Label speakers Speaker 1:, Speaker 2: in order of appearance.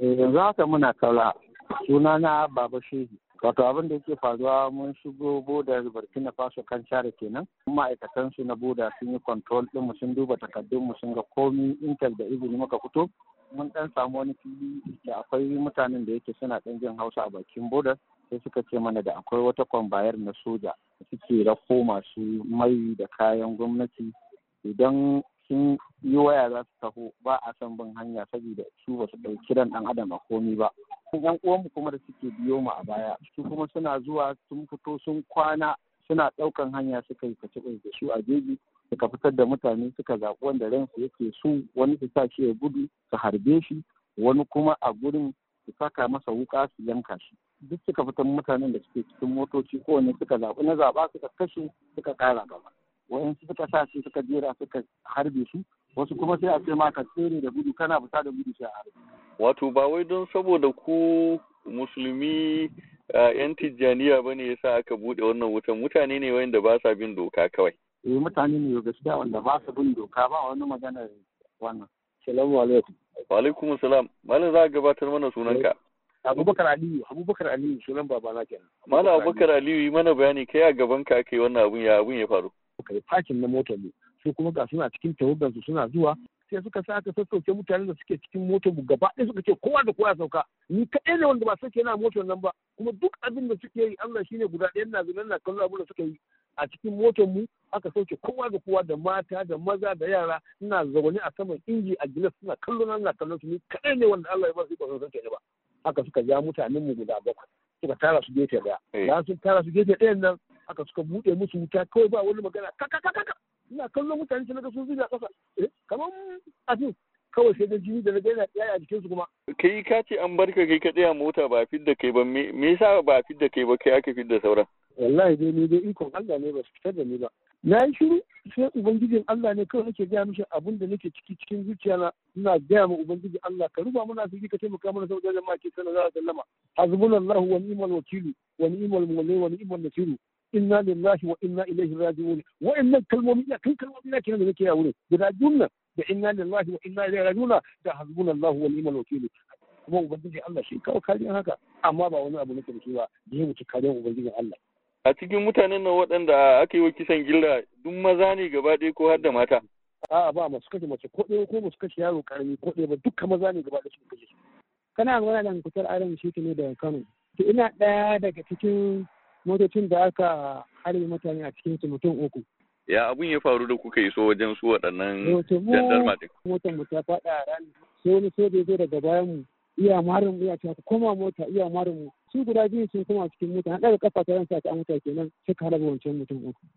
Speaker 1: yanzu haka muna suna na baba shehi wato abin da yake faruwa mun shigo barki burkina faso kan share kenan ma'aikatan su na boda sun yi control din mu sun duba takardun mu sun ga komi intel da izini muka fito mun dan samu wani fili da akwai mutanen da yake suna dan jin hausa a bakin boda sai suka ce mana da akwai wata kwambayar na soja suke rako masu mai da kayan gwamnati idan sun yi waya za su taho ba a san bin hanya saboda su ba su ɗauki kiran ɗan adam a komi ba yan uwanmu kuma da suke biyo mu a baya su kuma suna zuwa sun fito sun kwana suna ɗaukan hanya suka yi kaci da su a jeji suka fitar da mutane suka zaɓi wanda ransu yake su wani su sa shi ya gudu su harbe shi wani kuma a gurin su saka masa wuka su yanka shi duk suka fitar mutanen da suke cikin motoci kowanne suka zaɓi na zaɓa suka kashe suka ƙara gaba su suka sa shi suka jera suka harbe su wasu kuma sai a ce ma ka tsere da gudu kana fita da gudu sai a harbe
Speaker 2: wato ba wai don saboda ku musulmi yan tijjaniya ba ne yasa aka bude wannan wutan mutane ne wayanda ba sa bin doka kawai
Speaker 1: eh mutane ne gaskiya wanda ba sa bin doka ba wani magana
Speaker 2: wannan salamu alaikum wa alaikum salam malam za a gabatar mana sunanka
Speaker 1: Abubakar Aliyu, Abubakar Aliyu sunan babana kenan.
Speaker 2: Malam Abubakar Aliyu yi mana bayani kai a gaban ka ake wannan abun ya abun ya faru.
Speaker 1: kai fakin na motar mu su kuma ga suna cikin tawagar su suna zuwa
Speaker 2: sai suka sa aka sassauke mutanen da suke cikin motar mu gaba ɗaya suka
Speaker 1: ce kowa da kowa sauka ni kaɗai ne wanda ba sake na motar nan ba kuma duk abin da suke yi Allah shine guda ɗaya na zuwa na kallon abin da suka yi a cikin motar mu aka sauke kowa da kowa da mata da maza da yara ina zaune a saman inji a gilas suna kallo na ina kallon su ni kaɗai ne wanda Allah ya ba su ikon sauke ne ba haka suka ja mutanen mu guda bakwai suka tara su gefe daya eh. bayan sun tara su gefe ɗayan nan Aka suka buɗe musu wuta kawai ba wani magana kaka kaka ina kallon mutane sun ga sun zuba ƙasa eh kamar asin kawai sai da jini da na yana tsaya a jikinsu kuma
Speaker 2: kai ka ce an barka kai ka tsaya mota ba fit da kai ba me yasa ba fit da kai ba kai aka fit da sauran
Speaker 1: wallahi dai ni dai ikon Allah ne ba su fitar da ni ba na yi shiru sai ubangijin Allah ne kawai nake gaya mishi abin da nake ciki cikin zuciya na ina gaya ma ubangiji Allah ka ruba mana asiri ka taimaka mana saboda jama'a ke sallallahu alaihi sallama hasbunallahu wa ni'mal wakilu wa ni'mal wa ni'mal nasiru inna lillahi wa inna ilaihi raji'un wa'annan kalmomi na kan kalmomi na kenan da nake yawo guda jumla da inna lillahi wa inna ilaihi raji'un da hasbunallahu wa ni'mal wakil kuma ubangiji Allah shi kawai kariyar haka amma ba wani abu nake karshe ba da ya wuce kariyar ubangiji Allah
Speaker 2: a cikin mutanen nan waɗanda aka yi wa kisan gilla duk maza ne gaba ɗaya ko har da mata
Speaker 1: a'a ba masu kashe mace ko ɗaya ko masu kashe yaro karami ko ɗaya ba dukkan maza ne gaba ɗaya su kashe kana magana da kutar aran shi ne da Kano to ina ɗaya daga cikin motocin da aka harbe mutane a cikin su mutum uku
Speaker 2: ya abun ya faru da kuka yi so wajen su waɗannan eh, jandar ɗin
Speaker 1: motar mu ta faɗa a rani sai wani soja zo daga bayan mu iya marin mu iya ku koma mota iya marin mu su guda biyu sun koma cikin mota na ɗaga kafa ta ransa ta amsa kenan suka harba wancan mutum uku